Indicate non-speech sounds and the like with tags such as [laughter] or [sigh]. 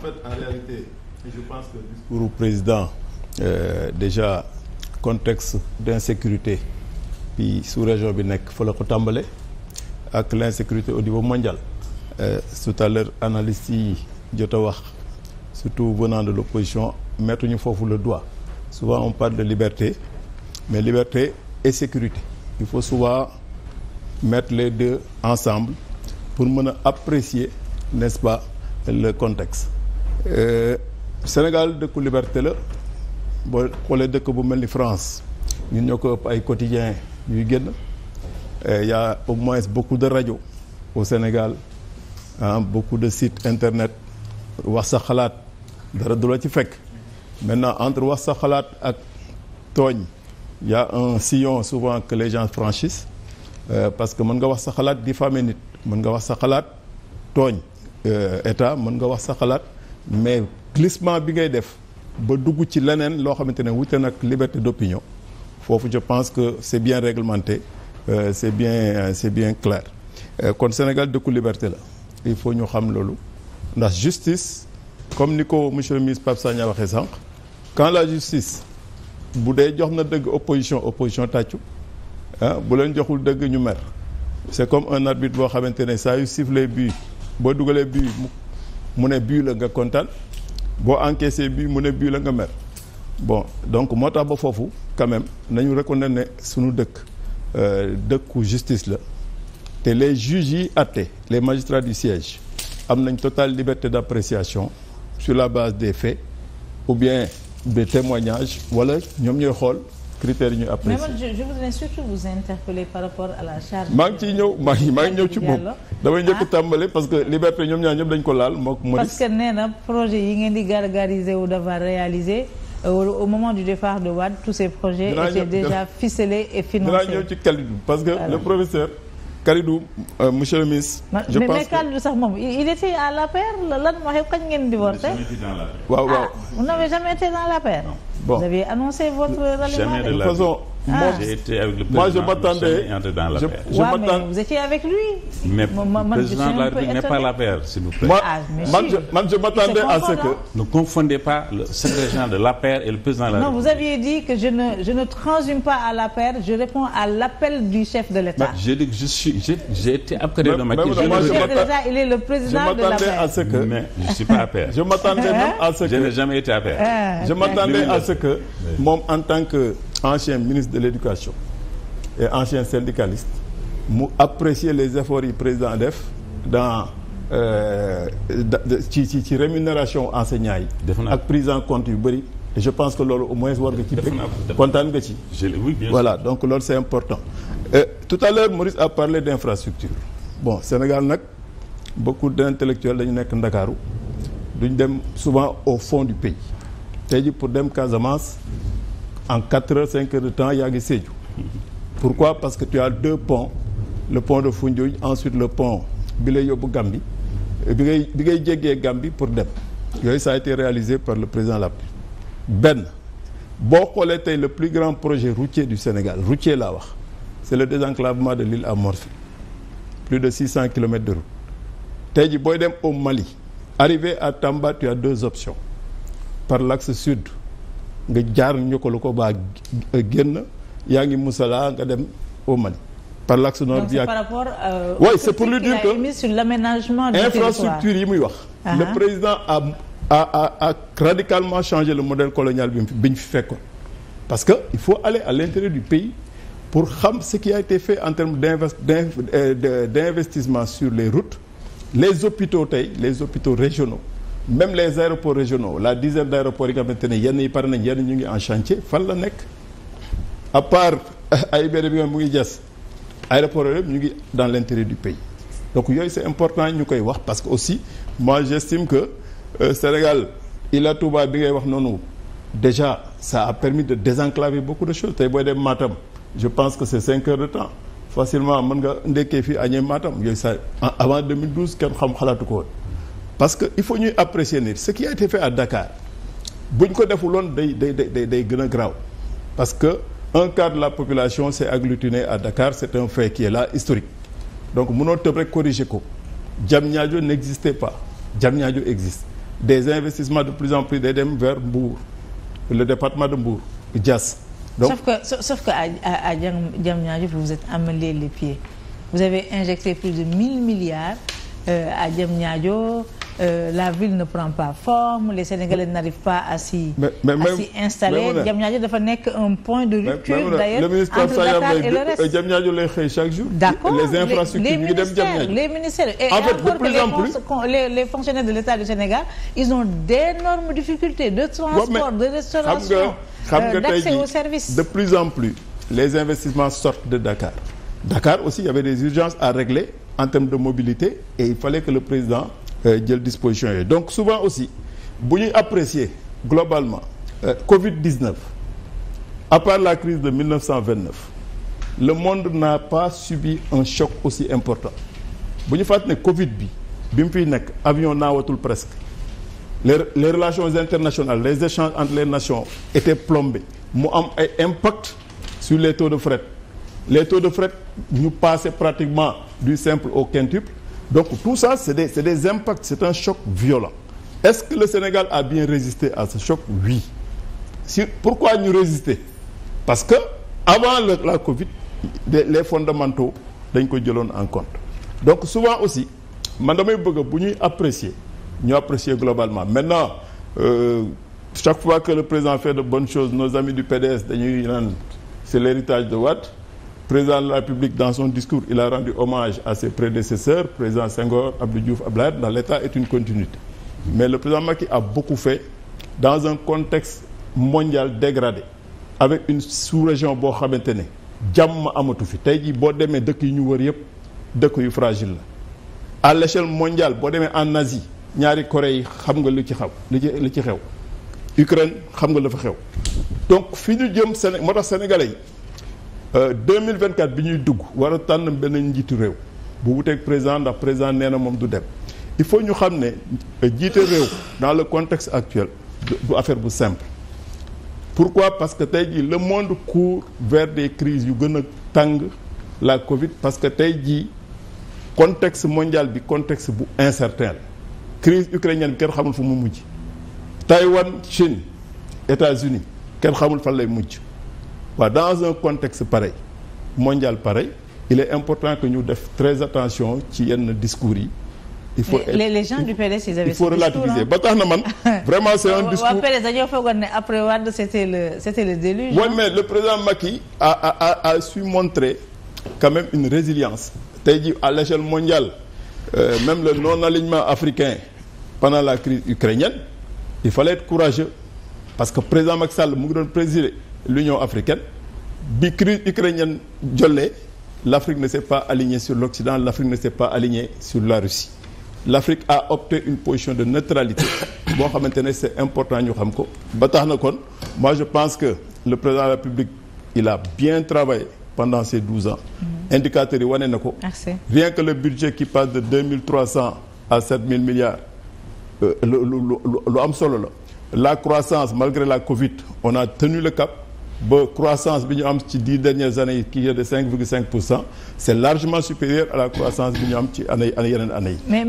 fait, en je pense que le discours du président, euh, déjà, contexte d'insécurité, région bi nekk fa la ko tàmbale ak l'insécurité au niveau mondial. Euh, tout à l'heure analyste jot a wax surtout venant de l'opposition mettuñu foofu le doigt souvent on parle de liberté mais liberté et sécurité il faut souvent mettre les deux ensemble pour mën a apprécier n'est-ce pas le contexte Euh, Sénégal dëkku liberté la boo xoolee dëkk bu mel ni France ñun ñoo ko ëpp ay quotidiens yuy génn euh, y a au moins beaucoup de rajo au Sénégal am beaucoup de sites internet wax sa xalaat dara du la ci fekk maintenant entre wax sa xalaat ak tooñ y a un sillon souvent que les gens franchissent euh, parce que mën nga wax sa xalaat diffamer nit mën nga wax sa xalaat tooñ état mën nga wax sa xalaat mais glissement bi ngay def ba dugg ci leneen loo xamante ne wute nag liberté d'opinion foofu je pense que c'est bien réglementé euh, c'est bien euh, c'est bien clair euh, kon Sénégal dëkku liberté la il faut ñu xam loolu ndax justice comme ni ko monsieur le ministre Pape Sagna waxee sànq quand la justice bu dee jox na dëgg opposition opposition tàccu ah bu leen joxul dëgg ñu mer c'est comme un arbitre boo xamante ne saa yu siffler but boo dugalee but mu ne bii la nga kontaan boo encaissé bii mu ne bii la nga mer bon donc moo tax ba foofu quand même nañu reconnaître ne suñu dëkk euh, dëkku justice la te les juges yi àtte les magistrats du siège am nañ totale liberté d'appréciation sur la base des faits ou bien des témoignages wala ñoom ñooy xool critères yi ñu apprécié. mais man je voudrais surtout vous interpeller par rapport à la charge. maa ngi ciy ñëw maa ngi maa ngi ñëw ci moom. damay njëkk ah. tàmbale parce que liberté ñoom ñaar ñëpp dañ ko laal mook Maurice. parce que nee na di gargariser euh, de Wade tous ces projets étaient déjà ficelés et financés. dinaa ñëw ci Kalidou Kalidou euh, monsieur le ministre. je pense mais Kalidou sax moom il était à l'APR lan moo xew kañ ngeen divorcé. waaw waaw. Ah, vous n'avez jamais été dans l'APR. bon vous aviez annoncé votre ralliement. de ah j'ai été avec le président la je, de la paire s'il vous plaît. moi ah, je, m'attendais à ce que. ne confondez pas le secrétaire général de la paire et le président de la. République. non vous aviez dit que je ne je pas à la paire je réponds à l'appel du chef de l'État. j'ai été appelé de ma. je le suis pas à paire. je m'attendais même [laughs] à ce que. je n'ai jamais été à paire. Ah, je m'attendais à ce que moom en tant que. ancien ministre de l'éducation et ancien syndicaliste mu apprécier les efforts yi président def dans euh, ci ci ci rémunération enseignants yi. ak prise en compte yu bëri. je pense que loolu au moins war nga ci bëgg kontaan nga ci. voilà donc loolu c'est important. Et, euh, tout à l'heure Maurice a parlé d'infrastructure bon Sénégal nag beaucoup d'intellectuels dañu nekk Ndakaaru duñ dem souvent au fond du pays tey ji pour dem Casamance. en quatre heures cinq heures de temps yaa ngi Sédhiou pourquoi parce que tu as deux ponts le pont de Foundiougne ensuite le pont bi lay yóbbu Gambie bi ngay bi ngay jéggee Gambie pour dem yooyu ça a été réalisé par le président Lapid benn boo xoolee tey le plus grand projet routier du Sénégal routier laa wax c'est le désenclavement de l'île à Morphée plus de six cent kilomètres de route tey ji booy dem au Mali arrivé à Tamba tu as deux options par l'axe sud nga jaar ñokkalu ko baa génn yaa ngi Moussala nga dem au Mali par l'axe nord bi ak par rapport euh, oui c'est pour lui dire que infrastructure yi muy wax ah le ah. président a a a radicalement changé le modèle colonial bi ñu fi fekkoon parce que il faut aller à l'intérieur du pays pour xam ce qui a été fait en termes euh, d'investissement sur les routes les hôpitaux tey les hôpitaux régionaux même les aéroports régionaux la dizaine d' aéroports yi nga xamante ne yenn yi pare nañ yenn ñu ngi en chantier fan la nekk à part AIBD [laughs] bi nga mu ngi jas aéroport yooyu ñu ngi dans l' intérêt du pays donc yooyu c' est important ñu koy wax parce que aussi moi j' estime que euh, Sénégal Ila Touba bi ngay wax noonu déjà ça a permis de désenclaver beaucoup de choses tey booy dem Matam je pense que c' cinq heures de temps facilement mën nga ndekkee fii añee Matam yooyu ça avant 2012 kenn xam xalaatu ko parce que il faut ñuy apprécier ni ce qui a été fait à Dakar buñ ko defuloon day day day day gën a graaw parce que un quart la population s'est agglutinée à Dakar c'est un fait qui est là historique donc mënoo tëb rek corriger ko Diamniadio n'existait pas Diamniadio existe des investissements de plus en plus day dem vers Mbour le département de Mbour Diass donc sauf que sauf que à à à Diamniadio vous êtes amalé les pieds vous avez injecté plus de milliards euh, euh, la ville ne prend pas forme les Sénégalais n'arrivent pas à s'y installer Diamniadio dafa nekk un point de rupture d'ailleurs entre Dakar et le reste Diamniadio les infrastructures ñu dem Diamniadio les ministères et les fonctionnaires de l'État du Sénégal ils ont d'énormes difficultés de transport de restauration euh, d'accès aux de plus en plus les investissements sortent de Dakar Dakar aussi il y avait des urgences à régler en termes de mobilité et il fallait que le président Euh, jël disposition yooyu donc souvent aussi bu ñuy apprécier globalement euh, Covid 19 à part la crise de 1929 le monde n'a pas subi un choc aussi important bu ñu fàttali ne Covid bi bi mu fiy nekk avion naawatul presque les les relations internationales les échanges entre les nations étaient plombés mu am ay impact sur les taux de fret les taux de fret ñu passé pratiquement du simple au quintuple donc tout ça c'est des c'est des impacts c'est un choc violent est-ce que le Sénégal a bien résisté à ce choc oui si pourquoi ñu résister parce que avant le, la Covid les, les fondamentaux dañ ko jëloon en compte donc souvent aussi man damay bëgg bu ñuy apprécier ñu apprécier globalement maintenant euh, chaque fois que le président fait de bonnes choses nos amis du PDS dañuy naan c'est l'héritage de Wade président de la République dans son discours il a rendu hommage à ses prédécesseurs président Senghor Abdou Diouf Abdoulaye Wade l'État est une continuité mais le président Macky a beaucoup fait dans un contexte mondial dégradé avec une sous-région boo xamante ne jàmm amatu fi tey jii boo demee dëkk yu ñu wër yëpp dëkk yu fragile la à l'échelle mondial boo demee en Asie ñaari Corée yi xam nga lu ci xaw li ci li ci xew Ukraine xam nga la fa xew donc fi ñu jëm Séné moo tax Euh, deux mille vingt quatre bi ñuy dugg war a tànn benn njiitu réew bu wuteeg président ndax président nee na moom du dem il faut ñu xam ne euh, jiite réew dans le contexte actuel du affaire bu simple. pourquoi parce que tey jii le monde court vers des crises yu gën a tàng la Covid parce que tey jii contexte mondial bi contexte bu incertain la crise ukrainienne bi kenn xamul fu mu mujj Taïwan Chine États-Unis kenn xamul fan lay mujj. waaw dans un contexte pareil mondial pareil il est important que ñu def très attention ci yenn discours yi. il faut les, les gens du PDS ils avaient il faut relativiser ba tax na man. [laughs] vraiment c'est un discours waa PDS dañoo foogoon ne après Wade c'était le c'était le déluge. oui mais le président Macky a a a a montrer quand même une résilience tey jii à l'échelle mondiale euh, même le non-alignement africain pendant la crise ukrainienne il fallait courageux parce que président Macky Sall mu ngi doon présider. l'Union africaine bi crise ukrainienne jollee l'Afrique ne s'est pas alignée sur l'Occident l'Afrique ne s'est pas alignée sur la Russie l'Afrique a opté une position de neutralité [coughs] boo xamante ne c'est important ñu xam ko ba tax na kon moi je pense que le président de la République il a bien travaillé pendant ces ans mm-hmm. indicateurs yi wane na ko rien que le budget qui passe de mille trois cents à sept mille milliards euh, lu lu am solo la la croissance malgré la Covid on a tenu le ba croissance bi ñu am ci dix dernières années yi qui est de cinq virgule cinq pour cent c' est largement supérieur à la croissance bi ñu am ci année yeneen année